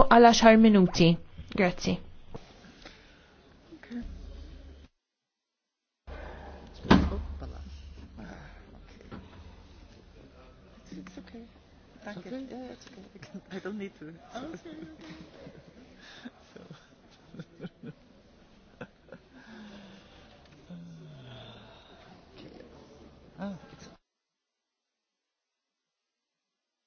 u għal 10 minuti. Grazzi. Danke. I, don't need to. Okay. so. ah.